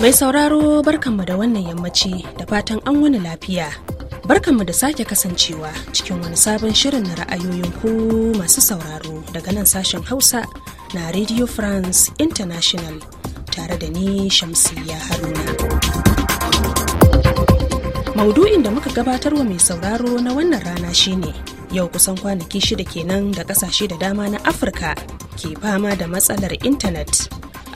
Mai sauraro barkanmu da wannan yammaci da fatan an wani lafiya. Barkanmu da sake kasancewa cikin wani sabon shirin na ra'ayoyin ku masu sauraro daga nan sashen Hausa na Radio France International tare da ni Shamsiyya Haruna. maudu'in da muka gabatar wa mai sauraro na wannan rana shine yau kusan kwanaki shida kenan da kasashe da dama na afirka ke fama da matsalar intanet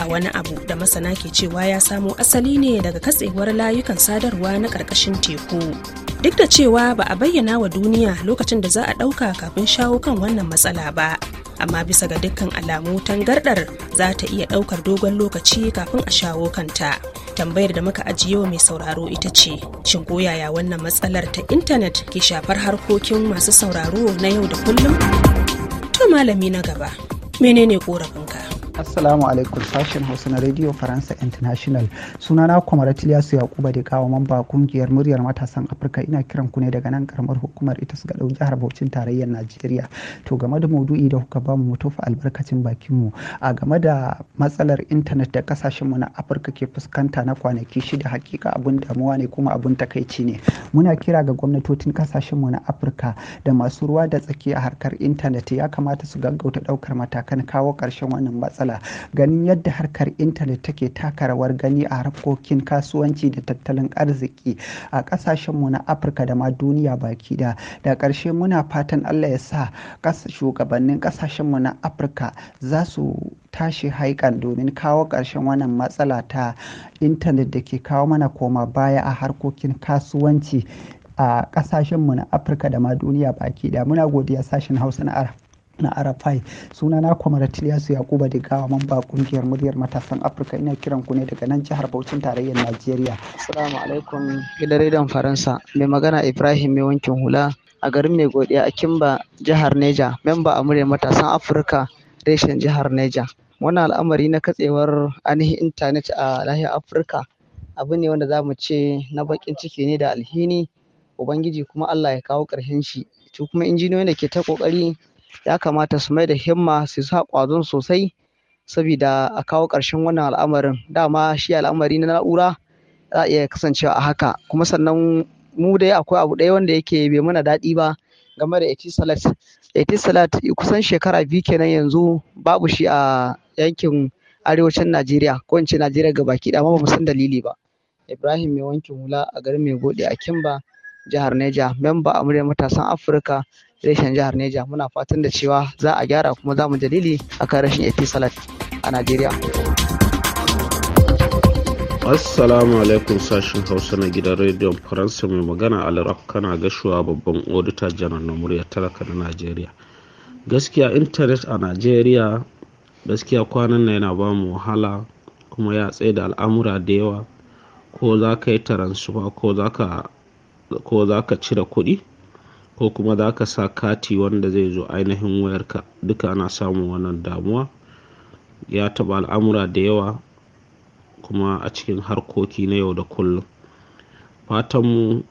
a wani abu da masana ke cewa ya samo asali ne daga katsewar layukan sadarwa na ƙarƙashin teku duk da cewa ba a bayyana wa duniya lokacin da za a ɗauka kafin shawo kan wannan matsala ba amma bisa ga dukkan alamu tangardar za ta iya ɗaukar dogon lokaci kafin a shawo kanta tambayar da muka ajiye wa mai sauraro ita ce shin ko yaya wannan matsalar ta intanet ke shafar harkokin masu sauraro na yau da kullum to malami na gaba menene korafin Assalamu alaikum sashen Hausa na Radio Faransa International. Sunana Kwamarat Ilyasu Yakuba da kawo mamba kungiyar muryar matasan Afirka ina kiran ku ne daga nan karamar hukumar ita su dau jihar Bauchin tarayyar Najeriya. To game da maudu'i da kuka bamu mu tofa albarkacin bakin mu a game da matsalar intanet da kasashen mu na Afirka ke fuskanta na kwanaki shida hakika abun damuwa ne kuma abun takaici ne. Muna kira ga gwamnatocin kasashen mu na Afirka da masu ruwa da tsaki a harkar intanet ya kamata su gaggauta ɗaukar matakan kawo ƙarshen wannan matsala ganin yadda harkar intanet take taka rawar gani a harkokin kasuwanci da tattalin arziki a kasashenmu na afirka da ma duniya baki da da ƙarshe muna fatan allah ya sa shugabannin kasashenmu na afirka za su tashi haikan domin kawo ƙarshen wannan matsala ta intanet da ke kawo mana koma baya a harkokin kasuwanci a ƙasashenmu na afirka da ma duniya baki da muna godiya sashen hausa na arab na arafai suna na kwamaratiliyasu yakuba da gawa mamba kungiyar muryar matasan afirka ina kiran ku ne daga nan jihar bauchin tarayyar najeriya assalamu alaikum gidan faransa mai magana ibrahim mai wankin hula a garin mai godiya a kimba jihar neja memba a muryar matasan afirka reshen jihar neja wannan al'amari na katsewar ainihin intanet a lahiyar afirka abu ne wanda za mu ce na bakin ciki ne da alhini ubangiji kuma allah ya kawo ƙarshen shi Tukuma kuma injiniyoyin da ke ta ƙoƙari ya kamata su mai da himma su sa ƙwazon sosai sabida a kawo ƙarshen wannan al'amarin dama shi al'amari na na'ura za iya kasancewa a haka kuma sannan mu dai akwai abu ɗaya wanda yake bai mana daɗi ba game da etisalat etisalat kusan shekara biyu kenan yanzu babu shi a yankin arewacin najeriya ko in ce najeriya gabaki ɗaya amma ba mu san dalili ba ibrahim mai wankin hula a garin mai gode a kimba jihar Neja memba a matasan Afirka reshen jihar Neja muna fatan da cewa za a gyara kuma za mu dalili akan rashin AP a Najeriya. Assalamu alaikum sashen Hausa na gidan rediyon Faransa mai magana Alirab kana gashuwa babban odita janar na murya talaka na Najeriya. Gaskiya intanet a Najeriya gaskiya kwanan na yana ba mu wahala kuma ya tsaye da al'amura da yawa ko za ka yi taransufa ko za ka ko za ka cire kuɗi ko kuma za ka sa kati wanda zai zo ainihin wayarka duka ana samun wannan damuwa ya taɓa al'amura da yawa kuma a cikin harkoki na yau da kullum fatanmu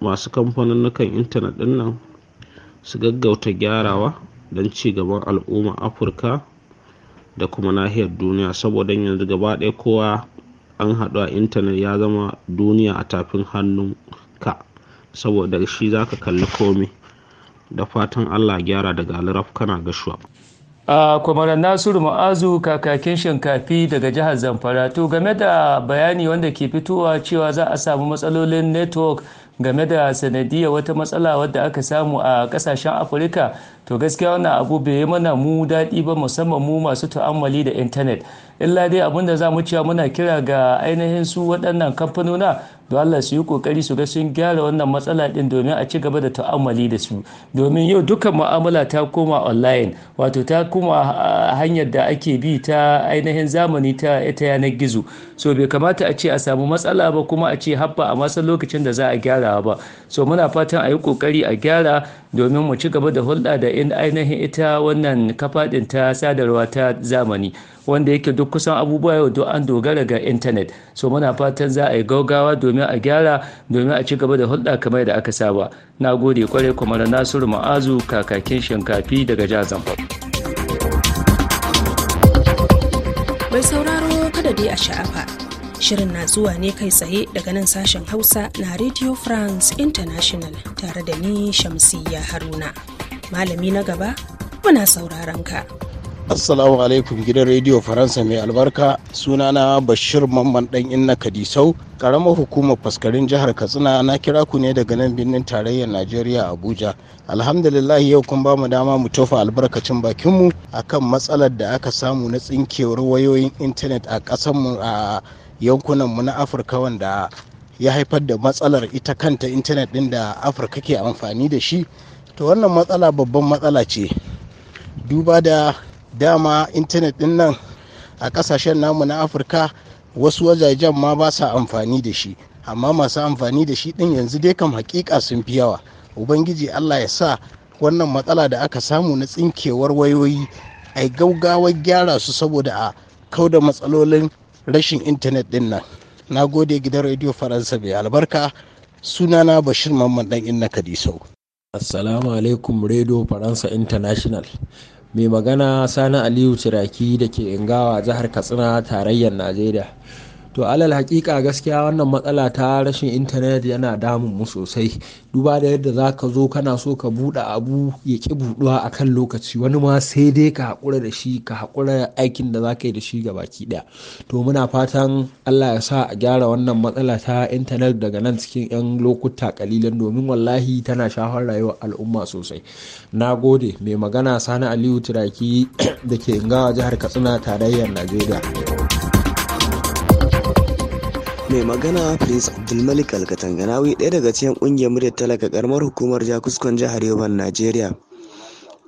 masu kamfanin intanet ɗin nan su gaggauta gyarawa don ci gaban al'umma afirka da kuma nahiyar duniya saboda yanzu gaba ɗaya kowa an haɗu a intanet ya zama duniya a tafin hannun ka saboda shi za ka kalli komi da fatan allah gyara daga alraf kana shuwa a kwamaran nasiru ma'azu kakakin shinkafi daga jihar zamfara to game da bayani wanda ke fitowa cewa za a samu matsalolin network game da sanadiyar wata matsala wadda aka samu a kasashen afirka to gaskiya wannan abu bai yi mana mu daɗi ba musamman mu masu ta'ammali da intanet illa dai abin da za mu cewa muna kira ga ainihin su waɗannan kamfanona don Allah su yi kokari su ga sun gyara wannan matsala ɗin domin a ci gaba da ta'ammali da su domin yau dukkan mu'amala ta koma online wato ta koma ah, hanyar da ake bi ta ainihin zamani ta ita yanar gizo so bai kamata a ce a samu matsala ba kuma a ce habba a masa lokacin da za a gyara ba so muna fatan a yi kokari a gyara domin mu ci gaba da hulɗa da ainihin ita wannan kafaɗin ta sadarwa ta zamani wanda yake duk kusan abubuwa yau duk an dogara ga intanet so muna fatan za a yi gaugawa domin a gyara domin a ci gaba da hulɗa kamar da aka saba na gode kwarai da nasiru ma'azu kakakin shinkafi daga jazan. zamfara mai sauraro kada dai a sha'afa shirin na zuwa ne kai tsaye daga nan sashen hausa na radio france international tare da ni shamsiyya haruna malami na gaba muna sauraron ka. Assalamu alaikum gidan rediyo Faransa mai albarka sunana Bashir Mamman dan Inna Kadisau karamar hukumar faskarin jihar Katsina na kira ku ne daga nan birnin tarayyar Najeriya Abuja. Alhamdulillah yau kun ba mu dama mu tofa albarkacin bakinmu mu kan matsalar da aka samu na tsinkewar wayoyin intanet a kasanmu a yankunan mu na Afirka wanda ya haifar da matsalar ita kanta intanet din da Afirka ke amfani da shi. To wannan matsala babban matsala ce. Duba da dama intanet din nan a kasashen namu na afirka wasu wajajen ma ba sa amfani da shi amma masu amfani da shi din yanzu dai kam hakika sun fi yawa ubangiji allah ya sa wannan matsala da aka samu na tsinkewar wayoyi a gaugawar gyara su saboda a kauda matsalolin rashin intanet din nan na gode gidan rediyo faransa mai albarka sunana bashir mamman dan inna kadisau assalamu alaikum radio faransa international mai magana sani aliyu ciraki da ke ingawa jihar katsina tarayyar najeriya to alal hakika gaskiya wannan matsala ta rashin intanet yana damun mu sosai duba da yadda za ka zo kana so ka buɗe abu ya ki buɗuwa a kan lokaci wani ma sai dai ka haƙura da shi ka haƙura aikin da za ka yi da shi gabaki ɗaya to muna fatan allah ya sa a gyara wannan matsala ta intanet daga nan cikin 'yan lokuta kalilan domin wallahi tana shafar rayuwar al'umma sosai na gode mai magana sani aliyu turaki da ke ingawa jihar katsina tarayyar najeriya mai magana prince abdulmalik alkatanganawi ɗaya daga cikin ƙungiyar muryar talaka karamar hukumar jakuskon jihar yoban najeriya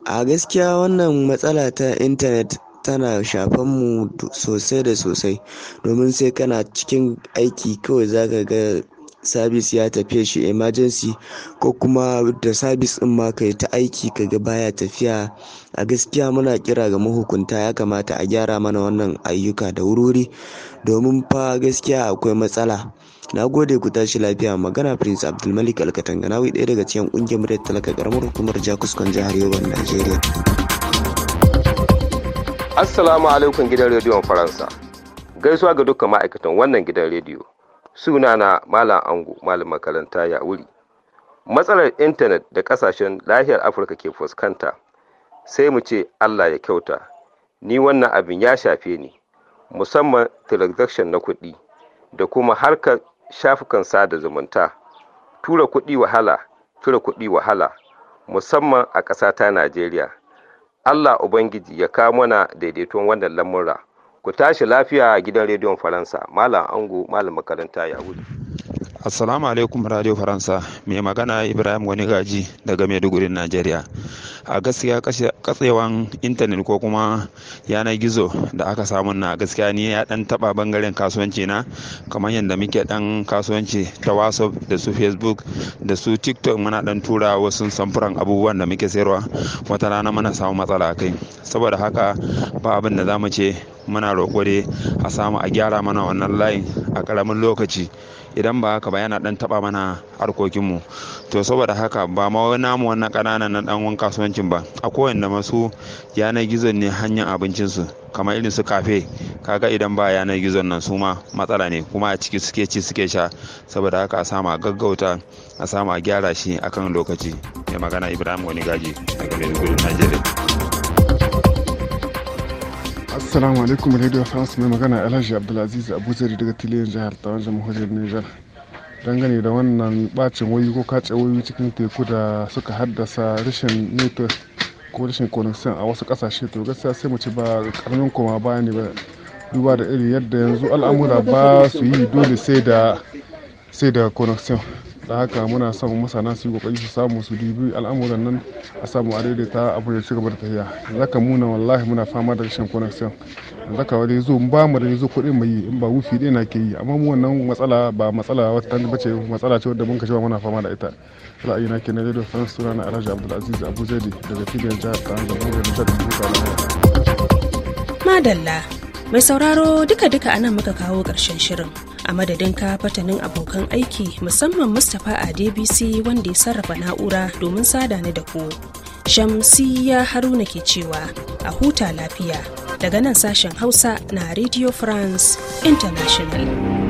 a gaskiya wannan matsala ta intanet tana shafan mu sosai da sosai domin sai kana cikin aiki kawai zaka ga sabis ya tafiya shi emergency ko kuma da sabis din ma kai ta aiki kaga baya tafiya a gaskiya muna kira ga mahukunta ya kamata a gyara mana wannan ayyuka da wuri domin fa gaskiya akwai matsala na gode ku tashi lafiya magana prince abdulmalik alkatanganawi ɗaya daga cikin ƙungiyar muryar talaka karamar hukumar jakuskon jihar yobe najeriya assalamu alaikum gidan rediyon faransa gaisuwa ga dukkan ma'aikatan wannan gidan rediyo sunana malam ango malam makaranta ya wuri matsalar intanet da ƙasashen lahiyar afirka ke fuskanta sai mu ce allah ya kyauta ni wannan abin ya shafe ni musamman transaction na kuɗi da kuma harkar shafukan sada zumunta tura kuɗi wahala tura kuɗi wahala musamman a ƙasa ta najeriya allah ubangiji ya kawo mana daidaiton wannan lamura ku tashi lafiya a gidan rediyon faransa malam ango malam makaranta ya wuri Assalamu alaikum Radio Faransa, mai magana Ibrahim Wani Gaji daga Maiduguri, Najeriya. A gaskiya katsewan intanet ko kuma yanar gizo da aka samu na gaskiya ne ya dan taba bangaren kasuwanci na kamar yadda muke dan kasuwanci ta WhatsApp da su Facebook da su TikTok muna dan tura wasu samfuran abubuwan da muke sayarwa wata rana muna samu matsala a kai. Saboda haka ba abin da zamu ce muna roƙo a samu a gyara mana wannan layin a ƙaramin lokaci. idan ba haka ba yana dan taba mana harkokinmu to saboda haka ba ma namu wannan ƙananan na dan kasuwancin ba a kowanne masu yanar gizon ne hanyar su kamar irin su kafe kaga idan ba yanar gizon nan su ma matsala ne kuma a ciki suke ci suke sha saboda haka a sama gaggauta a sama gyara shi akan lokaci mai magana ibrahim wani gaji daga maiduguri najeriya assalamu alaikum radio france mai magana alhaji abdulaziz abuzari daga tiliyan jihar tawan jamhuriyar niger dangane da wannan bacin wayoyi ko kace wayoyi cikin teku da suka haddasa rashin network ko rashin connection a wasu kasashe to gaskiya sai mu ci ba karamin koma baya ne ba duba da iri yadda yanzu al'amura ba su yi dole sai da sai da connection da haka muna son masana su yi kokari su samu su dubi al'amuran nan a samu a daidaita abu da ci da tafiya zaka muna wallahi muna fama da rashin connection zaka wani zo ba mu da zo kuɗin mai yi in ba wufi ɗaya na ke yi amma mu wannan matsala ba matsala wata tanda bace matsala ce wadda mun kashe muna fama da ita ra'ayi na ke na radio france suna na alhaji abdulaziz abu zaidi daga filin jihar ta hanzar da jihar madalla mai sauraro duka-duka anan muka kawo ƙarshen shirin a madadin ka fatanin abokan aiki musamman mustapha a dbc wanda ya sarrafa na'ura domin sada ni da ku shamsiya haruna ke cewa a huta lafiya daga nan sashen hausa na radio france international